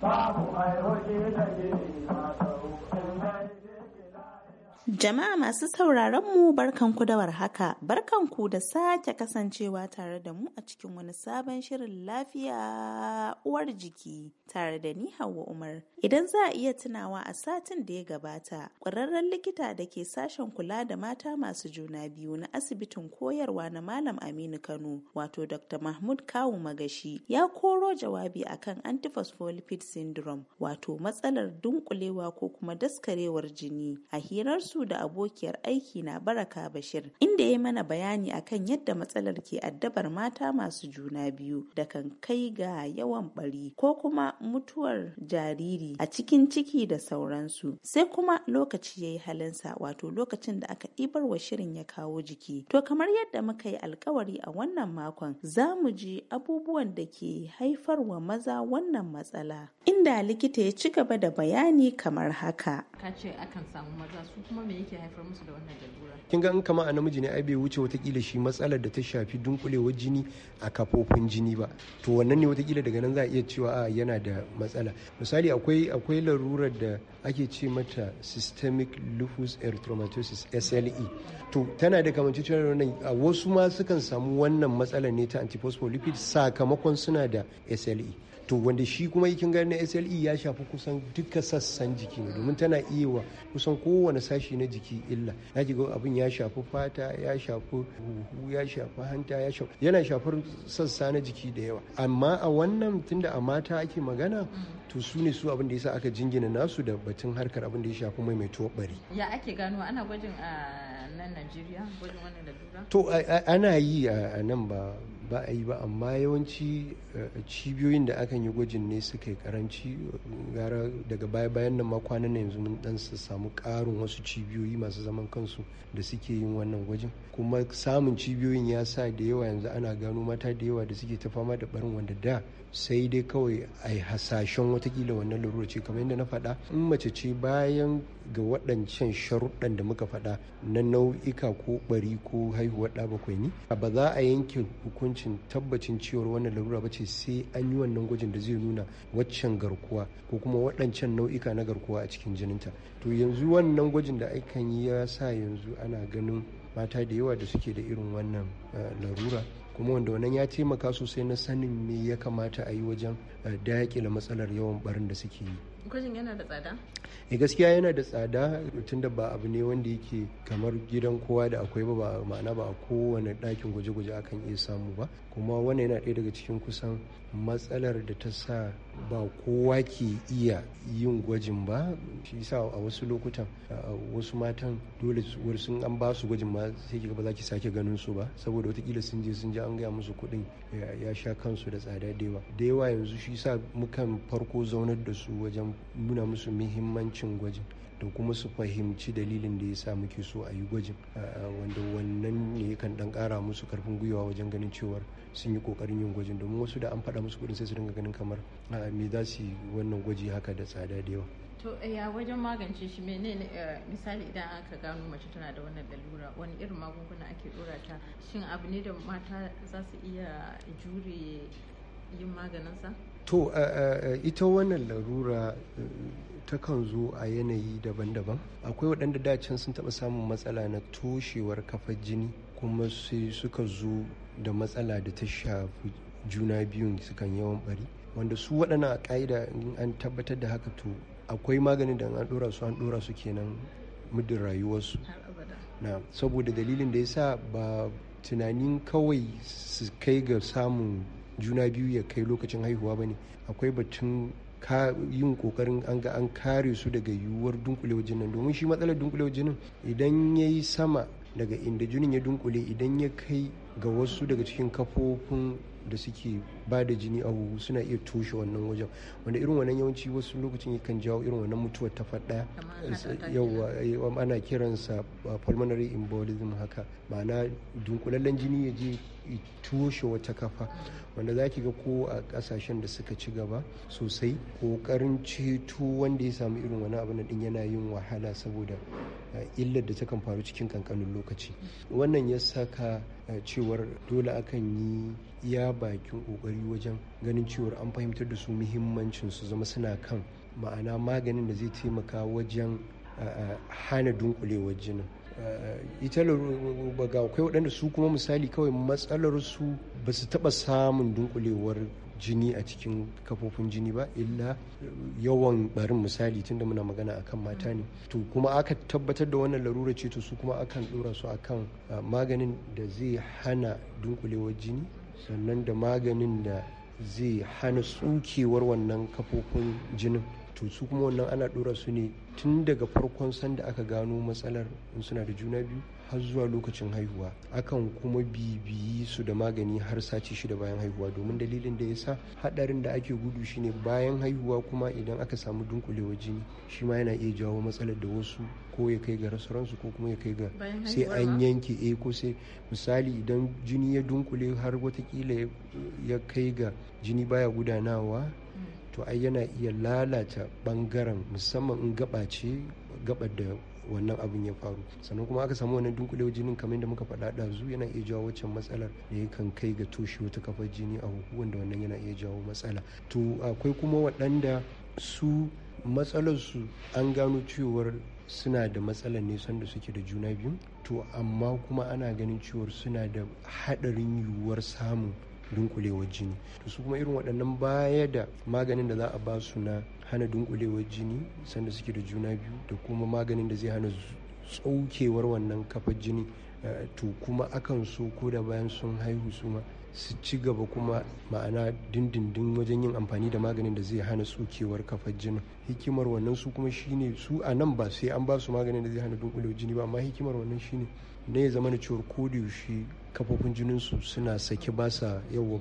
Babu mai hoji da ke Jama'a masu sauraron mu barkanku da warhaka, barkanku da sake kasancewa tare da mu a cikin wani sabon shirin lafiya uwar jiki tare da ni Hauwa Umar. Idan za a iya tunawa a satin da ya gabata, ƙwararren likita da ke sashen kula da mata masu juna biyu na asibitin koyarwa na Malam Aminu Kano, wato Dr. Mahmud Kawu Magashi, ya koro jawabi akan antiphospholipid syndrome, wato matsalar dunkulewa ko kuma daskarewar jini a hirar su. Hannatu da abokiyar aiki na Baraka Bashir inda ya mana bayani akan yadda matsalar ke addabar mata masu juna biyu da kan kai ga yawan bari ko kuma mutuwar jariri a cikin ciki da sauransu. Sai kuma lokaci ya yi halinsa wato lokacin da aka ɗibar wa shirin ya kawo jiki. To kamar yadda muka yi alkawari a wannan makon za mu ji abubuwan da ke haifar wa maza wannan matsala. Inda likita ya ci gaba da bayani kamar haka. ka ce akan samu maza su kuma me yake haifar musu da wannan lalura kin ga in kama a namiji ne ai bai wuce watakila shi matsalar da ta shafi dunkulewar jini a kafofin jini ba to wannan ne watakila daga nan za a iya cewa a yana da matsala misali akwai akwai larurar da ake ce mata systemic lupus erythematosus SLE to tana da kamancecciyar wannan a wasu ma sukan samu wannan matsalar ne ta antiphospholipid sakamakon suna da SLE to wanda shi kuma yakin gani na SLE ya shafi kusan duka sassan jiki ne domin tana iya wa kusan kowane sashi na jiki illa na ga abin ya shafi fata ya shafi huhu ya shafi hanta ya shafi yana shafar sassa na jiki da yawa amma a wannan tunda a mata ake magana to su ne su abin da yasa aka jingina nasu da batun harkar abin da ya shafi mai bari ya ake gano ana gwajin a ah, nan Najeriya gwajin wannan da to ana yi a nan ba ba a yi ba amma yawanci eh, cibiyoyin da akan yi gwajin ne suka yi karanci gara daga baya-bayan nan kwanan yanzu mun dan su samu karin wasu cibiyoyi masu zaman kansu da suke yin wannan gwajin kuma samun cibiyoyin ya sa da yawa yanzu ana gano mata da yawa da suke ta fama da barin wanda da sai dai kawai a yi hasashen watakila wannan larura ce kamar yadda na faɗa in mace ce bayan ga waɗancan sharuɗan da muka faɗa na nau'ika ko ɓari ko haihuwar ɗa bakwai ni ba za a yanke hukuncin tabbacin cewar wannan larura ba ce sai an yi wannan gwajin da zai nuna waccan garkuwa ko kuma waɗancan nau'ika na garkuwa a cikin jininta to yanzu wannan gwajin da akan yi ya sa yanzu ana ganin mata da yawa da suke da irin wannan eh, larura kuma wanda wannan ya taimaka sosai na sanin me ya kamata a yi wajen eh, daƙile matsalar yawan barin da suke yi Gaskiya yana da tsada e gaskiya yana da tsada tunda ba abu ne wanda yake kamar gidan kowa da akwai ba ma'ana ba a kowane ɗakin gwaje-gwaje akan iya samu ba kuma wannan yana ɗaya daga cikin kusan matsalar da ta sa ba kowa ke iya yin gwajin ba shi sa a wasu lokutan wasu matan dole sun an ba su gwajin ma sai ki ba za ki sake ganin su ba saboda watakila sun je sun je an gaya musu kuɗin ya sha kansu da tsada da yawa da yawa yanzu shi sa mukan farko zaunar da su wajen nuna musu muhimmancin gwajin da kuma su fahimci dalilin da ya sa muke so a yi gwajin wanda wannan ne kan dan kara musu karfin gwiwa wajen ganin cewar sun yi kokarin yin gwajin domin wasu da an faɗa musu kudin sai su dinga ganin kamar me za su yi wannan gwaji haka da tsada da yawa to eh, ya wajen magance shi menene eh, misali idan aka gano mace tana da wannan lalura wani irin magunguna ake dora ta shin abu ne da mata za su iya jure yin maganin sa. to ita wannan larura eh, takan zo a yanayi daban-daban akwai waɗanda dacin sun taɓa samun matsala na toshewar kafar jini kuma sai suka zo da matsala da ta shafi juna biyun sukan yawan bari wanda su waɗana a ƙa'ida an tabbatar da haka to akwai maganin da an ɗora su an ɗora su kenan muddin rayuwarsu na saboda dalilin da ya sa ba tunanin kawai su kai ga samun juna biyu ya kai lokacin haihuwa ba ne akwai batun yin kokarin an ga an kare su daga yiwuwar dunkulewar jinin domin shi matsalar dunkulewar jinin idan ya yi sama daga inda jinin ya dunkule idan ya kai ga wasu daga cikin kafofin da suke ba da jini a huhu suna iya toshe wannan wajen wanda irin wannan yawanci wasu lokacin yakan jawo irin wannan mutuwar ta faɗa yawa eh, ana kiransa uh, pulmonary embolism haka ma'ana dunkulallen jini ya je toshe wata kafa wanda za ki ga ko a kasashen da suka ci gaba sosai kokarin ceto wanda ya samu irin wani abu din yana yin wahala saboda uh, illar da ta kan faru cikin kankanin lokaci wannan ya saka cewar dole akan yi iya bakin kokari wajen ganin cewar an fahimtar da su muhimmancin su zama suna kan ma'ana maganin da zai taimaka wajen hana dunkulewar jinin ita ga akwai waɗanda su kuma misali kawai matsalar su ba su taɓa samun dunkulewar jini a cikin kafofin jini ba illa yawan barin misali tunda muna magana akan mata ne to kuma aka tabbatar da wannan larura ce to su kuma akan dora su akan maganin da zai hana dunkulewar jini sannan da maganin da zai hana tsukewar wannan kafofin jinin to su kuma wannan ana dora su ne tun daga farkon sanda aka gano matsalar in suna da juna biyu har zuwa lokacin haihuwa akan kuma bibiyi su da magani har sati shida bayan haihuwa domin dalilin da ya sa hadarin da ake gudu shine bayan haihuwa kuma idan aka samu dunkulewar jini shi ma yana iya jawo matsalar da wasu ko ya kai ga rasuransu ko kuma ya kai ga sai an yanke e ko sai misali idan jini ya dunkule har watakila ya kai ga jini baya gudanawa to ai yana iya lalata bangaren musamman in gaba ce gaba da wannan abin ya faru sannan kuma aka samu wani dunkule jinin kamar yadda muka faɗa ɗazu yana iya jawo waccan matsalar da ya kan kai ga toshe wata kafar jini a huhu wanda wannan yana iya jawo matsala to akwai kuma waɗanda su matsalarsu an gano cewar suna da matsalar ne sanda suke da juna biyu to amma kuma ana ganin cewar suna da haɗarin yiwuwar samun dunkulewar jini to su kuma irin waɗannan baya da maganin da za a ba su na hana dunkulewar jini sanda suke da juna biyu da kuma maganin da zai hana tsaukewar wannan kafar jini eh, to kuma akan so ko da bayan sun haihu su ma su ci gaba kuma ma'ana dindindin wajen yin amfani da maganin da zai hana tsukewar kafar jinin hikimar wannan su kuma shine su a nan ba sai an ba su maganin da zai hana dunkulewar jini ba amma hikimar wannan shine ne ya zama na cewar ko da yaushe kafofin jininsu suna sake ba sa yawa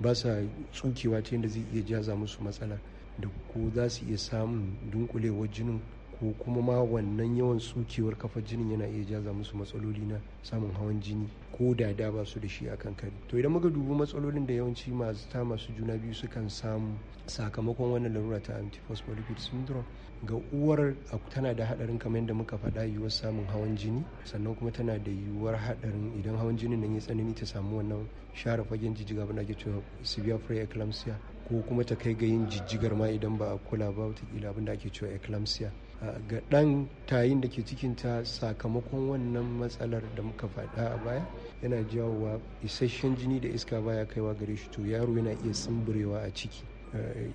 ba sa tsukewa ta yadda zai iya jaza musu matsala da ko za su iya samun dunkulewar jinin ko kuma ma wannan yawan tsukewar kafa jinin yana iya jaza musu matsaloli na samun hawan jini ko da da ba su da shi akan kari to idan muka dubi matsalolin da yawanci masu ta masu juna biyu sukan samu sakamakon wannan larura ta antiphospholipid syndrome ga uwar tana da hadarin kamar yadda muka faɗa yiwuwar samun hawan jini sannan kuma tana da yiwuwar hadarin idan hawan jinin nan ya tsanani ta samu wannan share fagen jijjiga abin da ake cewa severe preeclampsia ko kuma ta kai ga yin jijjigar ma idan ba a kula ba wata abin da ake cewa eclampsia ga ɗan tayin da ke cikin ta sakamakon wannan matsalar da muka faɗa a baya yana jawowa isasshen jini da iska baya kaiwa gare shi to yaro yana iya sumburewa a ciki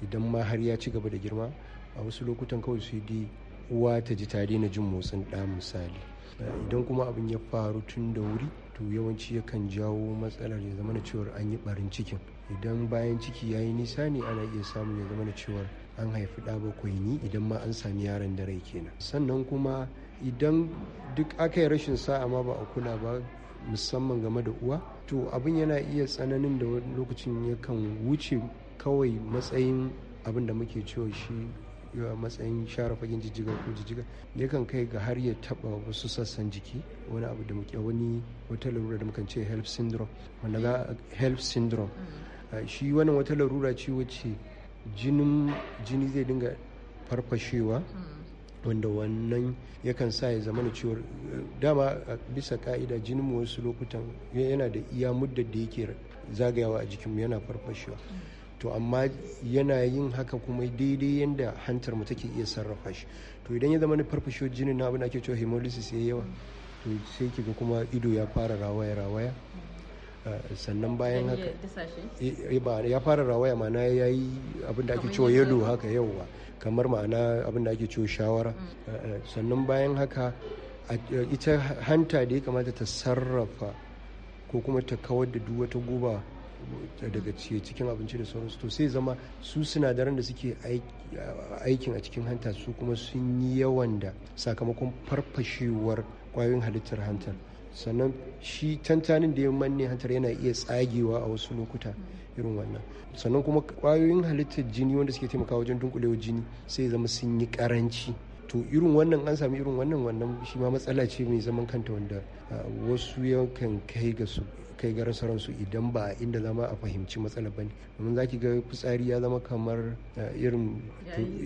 idan ma har ya ci gaba da girma a wasu lokutan kawai sai dai uwa ta ji ta daina jin motsin ɗa misali idan kuma abin ya faru tun da wuri to yawanci yakan jawo matsalar ya zama cewar an yi barin cikin idan bayan ciki ya yi nisa ne ana iya samun ya zama cewar an haifi ɗa bakwai ni idan ma an sami yaron da rai kenan sannan kuma idan duk aka yi rashin sa'a ma ba a kula ba musamman game da uwa to abin yana iya tsananin da lokacin yakan wuce kawai matsayin abin da muke cewa shi a matsayin share fagen jijjigar ko da yakan kai ga har ya taba wasu sassan jiki wani abu da muke wani wata larura da muka ce help syndrome wanda ga help syndrome mm. shi wannan wata larura ce wacce jinin jini zai dinga farfashewa mm. wanda wannan yakan sa ya zama na cewar eh, dama bisa ka'ida jinin wasu lokutan yana da iya muddar da yake zagayawa a jikinmu yana farfashewa mm. to amma yana yin haka kuma daidai yadda hantar mu take iya sarrafa shi to idan ya zama na farfasho jinin na abin ake cewa hemolysis ya yawa to sai ga kuma ido ya fara rawaya rawaya eh, sannan bayan haka eh, ya fara rawaya ma'ana ya yi abin da ake cewa yalo haka yawa kamar ma'ana abin da ake cewa shawara mm. eh, sannan bayan haka ita hanta da ya kamata ta sarrafa ko kuma ta kawar da duk wata guba daga cikin abinci da sauransu to sai zama su sinadaran da suke aikin a cikin hanta su kuma sun yi yawan da sakamakon farfashewar kwayoyin halittar hantar sannan shi tantanin da ya manne hantar yana iya tsagewa a wasu lokuta irin wannan sannan kuma kwayoyin halittar jini wanda suke taimakawa wajen dunkulewa jini sai zama sun yi karanci to irin wannan an sami irin wannan wannan shi ma matsala ce mai zaman kanta wanda wasu yankan kai ga su kai ga rasa su idan ba inda zama a fahimci matsala ba ne domin zaki ga fitsari ya zama kamar irin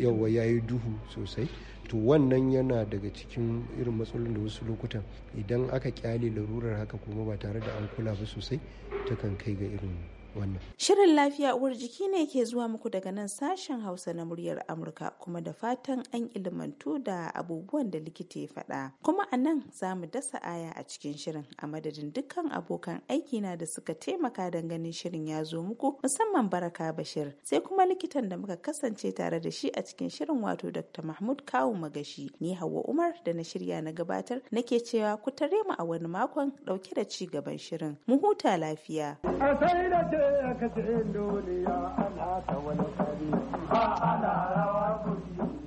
yawa ya yi duhu sosai to wannan yana daga cikin irin matsalolin da wasu lokutan idan aka kyale larurar haka kuma ba tare da an kula ba sosai ta kan kai ga irin wannan. Shirin lafiya uwar jiki ne ke zuwa muku daga nan sashen Hausa na muryar Amurka kuma da fatan an ilmantu da abubuwan da likita ya faɗa. Kuma a nan za mu dasa aya a cikin shirin a madadin dukkan abokan aiki na da suka taimaka don ganin shirin ya zo muku musamman Baraka Bashir sai kuma likitan da muka kasance tare da shi a cikin shirin wato Dr. Mahmud Kawu Magashi ni Hauwa Umar da na shirya na gabatar nake cewa ku tare mu a wani makon ɗauke da ci gaban shirin. Mu huta lafiya. A sai da ce ka ce ya ana ta wani kari ba ana rawa kuɗi